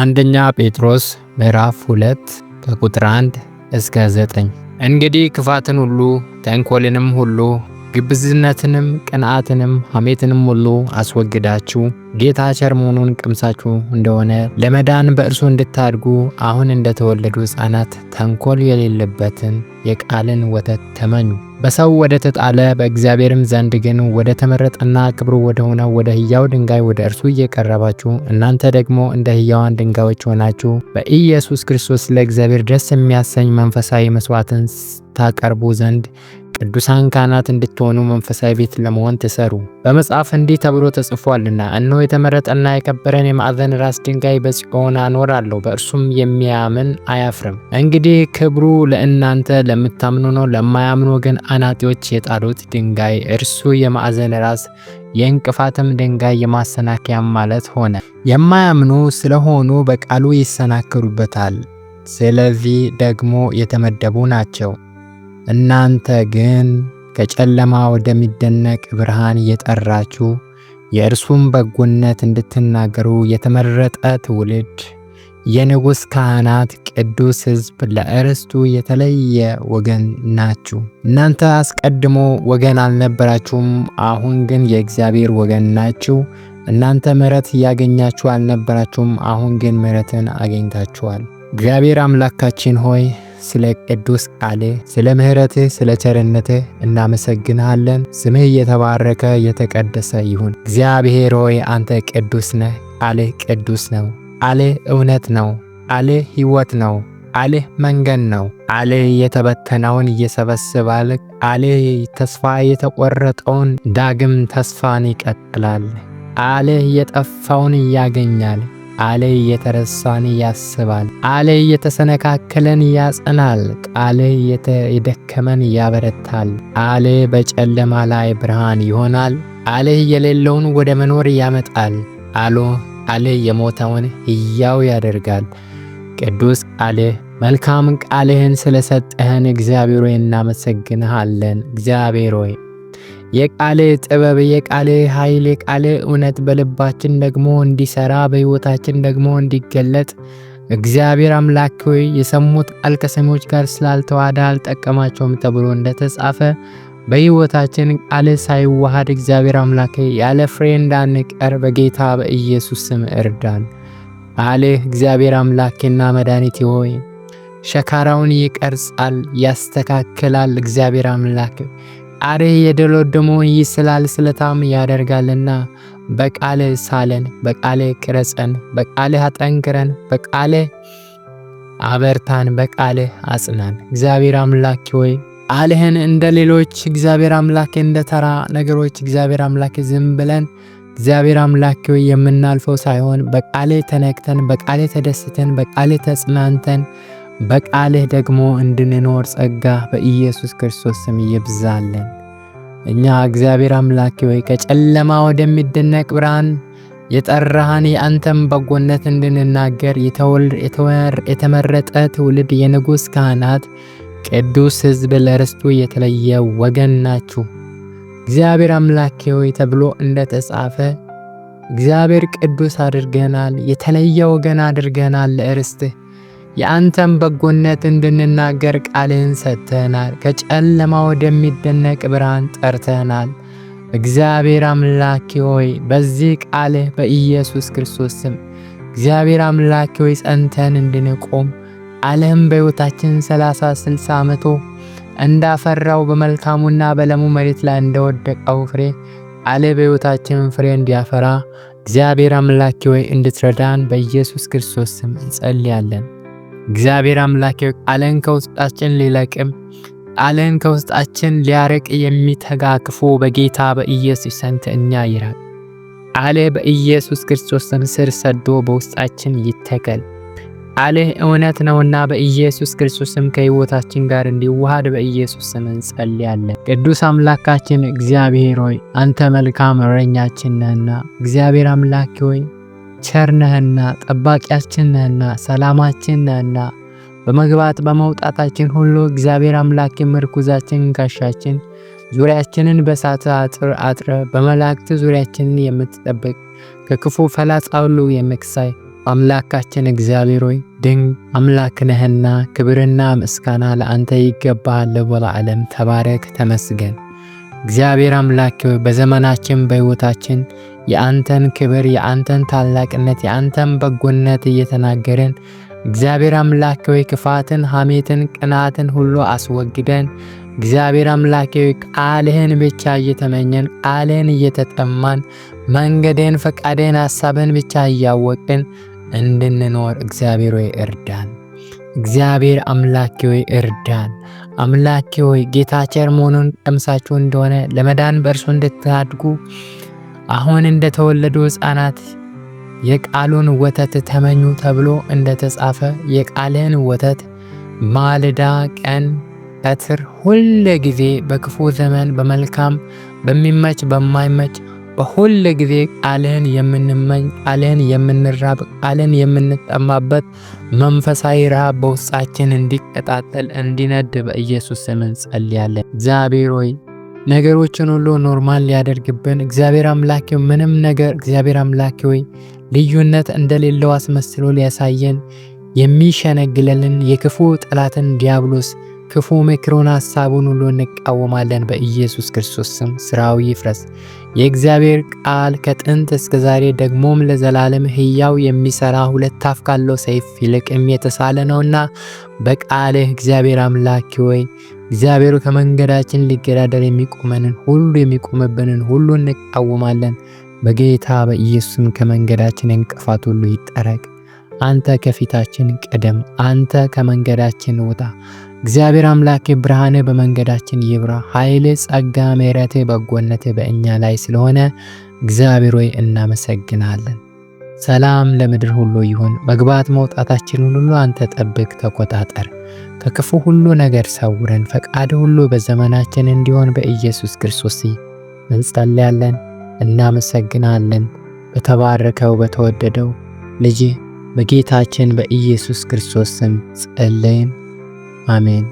አንደኛ ጴጥሮስ ምዕራፍ 2 ከቁጥር 1 እስከ 9። እንግዲህ ክፋትን ሁሉ ተንኮልንም ሁሉ ግብዝነትንም ቅንዓትንም ሐሜትንም ሁሉ አስወግዳችሁ ጌታ ቸር መሆኑን ቀምሳችሁ እንደሆነ ለመዳን በእርሱ እንድታድጉ አሁን እንደተወለዱ ሕፃናት ተንኮል የሌለበትን የቃልን ወተት ተመኙ። በሰው ወደ ተጣለ በእግዚአብሔርም ዘንድ ግን ወደ ተመረጠና ክብሩ ወደ ሆነው ወደ ሕያው ድንጋይ ወደ እርሱ እየቀረባችሁ እናንተ ደግሞ እንደ ሕያዋን ድንጋዮች ሆናችሁ በኢየሱስ ክርስቶስ ለእግዚአብሔር ደስ የሚያሰኝ መንፈሳዊ መስዋዕትን ታቀርቡ ዘንድ ቅዱሳን ካህናት እንድትሆኑ መንፈሳዊ ቤት ለመሆን ትሰሩ። በመጽሐፍ እንዲህ ተብሎ ተጽፏልና እነሆ የተመረጠና የከበረን የማዕዘን ራስ ድንጋይ በጽዮን አኖራለሁ፣ በእርሱም የሚያምን አያፍርም። እንግዲህ ክብሩ ለእናንተ ለምታምኑ ነው። ለማያምኑ ግን አናጢዎች የጣሉት ድንጋይ እርሱ የማዕዘን ራስ የእንቅፋትም ድንጋይ የማሰናከያም ማለት ሆነ። የማያምኑ ስለሆኑ በቃሉ ይሰናክሩበታል፣ ስለዚህ ደግሞ የተመደቡ ናቸው። እናንተ ግን ከጨለማ ወደሚደነቅ ብርሃን እየጠራችሁ የእርሱም በጎነት እንድትናገሩ የተመረጠ ትውልድ የንጉሥ ካህናት ቅዱስ ሕዝብ ለእርስቱ የተለየ ወገን ናችሁ። እናንተ አስቀድሞ ወገን አልነበራችሁም፣ አሁን ግን የእግዚአብሔር ወገን ናችሁ። እናንተ ምሕረት እያገኛችሁ አልነበራችሁም፣ አሁን ግን ምሕረትን አገኝታችኋል። እግዚአብሔር አምላካችን ሆይ ስለ ቅዱስ ቃልህ፣ ስለ ምሕረትህ፣ ስለ ቸርነትህ እናመሰግንሃለን። ስምህ እየተባረከ የተቀደሰ ይሁን። እግዚአብሔር ሆይ አንተ ቅዱስ ነህ። ቃልህ ቅዱስ ነው። ቃልህ እውነት ነው። ቃልህ ሕይወት ነው። ቃልህ መንገድ ነው። ቃልህ የተበተነውን እየሰበስባል። ቃልህ ተስፋ የተቆረጠውን ዳግም ተስፋን ይቀጥላል። ቃልህ የጠፋውን ያገኛል። ቃልህ እየተረሳን ያስባል። ቃልህ እየተሰነካከለን ያጸናል። ቃልህ እየደከመን ያበረታል። ቃልህ በጨለማ ላይ ብርሃን ይሆናል። ቃልህ የሌለውን ወደ መኖር ያመጣል። አሎ ቃልህ የሞተውን ሕያው ያደርጋል። ቅዱስ ቃልህ መልካም ቃልህን ስለሰጠህን እግዚአብሔር ሆይ እናመሰግንሃለን። እግዚአብሔር ሆይ የቃል ጥበብ የቃል ኃይል የቃል እውነት በልባችን ደግሞ እንዲሰራ በሕይወታችን ደግሞ እንዲገለጥ እግዚአብሔር አምላክ ሆይ የሰሙት ቃል ከሰሚዎች ጋር ስላልተዋደ አልጠቀማቸውም ተብሎ እንደተጻፈ በሕይወታችን ቃል ሳይዋሃድ እግዚአብሔር አምላክ ያለ ፍሬ እንዳንቀር በጌታ በኢየሱስ ስም እርዳን። ቃልህ እግዚአብሔር አምላኬና መድኃኒቴ ሆይ ሸካራውን ይቀርጻል፣ ያስተካክላል። እግዚአብሔር አምላክ ቃልህ የደለወደመውን ይስላል ስለታም ያደርጋልና። በቃልህ ሳለን፣ በቃልህ ቅረጸን፣ በቃልህ አጠንክረን፣ በቃልህ አበርታን፣ በቃልህ አጽናን። እግዚአብሔር አምላክ ሆይ ቃልህን እንደ ሌሎች እግዚአብሔር አምላክ እንደ ተራ ነገሮች እግዚአብሔር አምላክ ዝም ብለን እግዚአብሔር አምላክ ሆይ የምናልፈው ሳይሆን በቃልህ ተነክተን፣ በቃልህ ተደስተን፣ በቃልህ ተጽናንተን በቃልህ ደግሞ እንድንኖር ጸጋ በኢየሱስ ክርስቶስ ስም ይብዛልን። እኛ እግዚአብሔር አምላኬ ሆይ ከጨለማ ወደሚደነቅ ብርሃን የጠራህን የአንተም በጎነት እንድንናገር የተመረጠ ትውልድ፣ የንጉሥ ካህናት፣ ቅዱስ ሕዝብ፣ ለርስቱ የተለየ ወገን ናችሁ። እግዚአብሔር አምላኬ ሆይ ተብሎ እንደተጻፈ እግዚአብሔር ቅዱስ አድርገናል፣ የተለየ ወገን አድርገናል ለእርስትህ የአንተን በጎነት እንድንናገር ቃልህን ሰጥተናል። ከጨለማ ወደሚደነቅ ብርሃን ጠርተናል። እግዚአብሔር አምላኪ ሆይ በዚህ ቃልህ በኢየሱስ ክርስቶስ ስም እግዚአብሔር አምላኬ ሆይ ጸንተን እንድንቆም ቃልህም በሕይወታችን ሰላሳ ስልሳ መቶ እንዳፈራው በመልካሙና በለሙ መሬት ላይ እንደወደቀው ፍሬ አለ በሕይወታችን ፍሬ እንዲያፈራ እግዚአብሔር አምላኪ ሆይ እንድትረዳን በኢየሱስ ክርስቶስ ስም እንጸልያለን። እግዚአብሔር አምላክ አለን ከውስጣችን ሊለቅም ቃልህን ከውስጣችን ሊያርቅ የሚተጋ ክፉ በጌታ በኢየሱስ ሰንት እኛ ይራቅ። አለ በኢየሱስ ክርስቶስ ስር ሰዶ በውስጣችን ይተከል። ቃልህ እውነት ነውና በኢየሱስ ክርስቶስም ከሕይወታችን ጋር እንዲዋሃድ በኢየሱስ ስም እንጸልያለን። ቅዱስ አምላካችን እግዚአብሔር ሆይ አንተ መልካም እረኛችን ነህና፣ እግዚአብሔር አምላክ ሆይ ቸርነህና ጠባቂያችን ነህና ሰላማችን ነህና በመግባት በመውጣታችን ሁሉ እግዚአብሔር አምላክ ምርኩዛችን ጋሻችን፣ ዙሪያችንን በእሳት አጥር አጥረ በመላእክት ዙሪያችንን የምትጠብቅ ከክፉ ፈላጻ ሁሉ የምክሳይ አምላካችን እግዚአብሔር ሆይ ድንቅ አምላክ ነህና ክብርና ምስጋና ለአንተ ይገባሃል። ዓለም ተባረክ ተመስገን። እግዚአብሔር አምላክ በዘመናችን በሕይወታችን የአንተን ክብር፣ የአንተን ታላቅነት፣ የአንተን በጎነት እየተናገርን እግዚአብሔር አምላክ ሆይ ክፋትን፣ ሐሜትን፣ ቅናትን ሁሉ አስወግደን እግዚአብሔር አምላኬ ቃልህን ብቻ እየተመኘን ቃልህን እየተጠማን መንገድን፣ ፈቃድህን፣ ሀሳብህን ብቻ እያወቅን እንድንኖር እግዚአብሔር ሆይ እርዳን። እግዚአብሔር አምላኬ ሆይ እርዳን። አምላክ ሆይ ጌታ ቸር መሆኑን ቀምሳችሁ እንደሆነ ለመዳን በእርሱ እንድታድጉ አሁን እንደተወለዱ ሕፃናት የቃሉን ወተት ተመኙ ተብሎ እንደተጻፈ የቃልህን ወተት ማልዳ፣ ቀን፣ ቀትር ሁል ጊዜ በክፉ ዘመን፣ በመልካም፣ በሚመች፣ በማይመች በሁል ጊዜ ቃልህን የምንመኝ ቃልህን የምንራብ ቃልህን የምንጠማበት መንፈሳዊ ረሃብ በውስጣችን እንዲቀጣጠል እንዲነድ በኢየሱስ ስም እንጸልያለን። እግዚአብሔር ሆይ ነገሮችን ሁሉ ኖርማል ሊያደርግብን እግዚአብሔር አምላክ ምንም ነገር እግዚአብሔር አምላኪ ወይ ልዩነት እንደሌለው አስመስሎ ሊያሳየን የሚሸነግለልን የክፉ ጠላትን ዲያብሎስ ክፉ ምክሩን ሐሳቡን ሁሉ እንቃወማለን በኢየሱስ ክርስቶስ ስም። ስራው ይፍረስ። የእግዚአብሔር ቃል ከጥንት እስከ ዛሬ ደግሞም ለዘላለም ሕያው የሚሰራ ሁለት አፍ ካለው ሰይፍ ይልቅም የተሳለ ነውና በቃልህ እግዚአብሔር አምላኪ ወይ እግዚአብሔር ከመንገዳችን ሊገዳደር የሚቆመንን ሁሉ የሚቆምብንን ሁሉ እንቃወማለን። በጌታ በኢየሱስም ከመንገዳችን እንቅፋት ሁሉ ይጠረቅ አንተ ከፊታችን ቅደም፣ አንተ ከመንገዳችን ውጣ። እግዚአብሔር አምላኬ ብርሃን በመንገዳችን ይብራ። ኃይል፣ ጸጋ፣ ምሕረት፣ በጎነት በእኛ ላይ ስለሆነ እግዚአብሔር ሆይ እናመሰግናለን። ሰላም ለምድር ሁሉ ይሁን። መግባት መውጣታችንን ሁሉ አንተ ጠብቅ፣ ተቆጣጠር። ከክፉ ሁሉ ነገር ሰውረን። ፈቃድ ሁሉ በዘመናችን እንዲሆን በኢየሱስ ክርስቶስ እንጸልያለን፣ እናመሰግናለን። በተባረከው በተወደደው ልጅ በጌታችን በኢየሱስ ክርስቶስ ስም ጸለይን። አሜን።